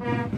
Mm-hmm.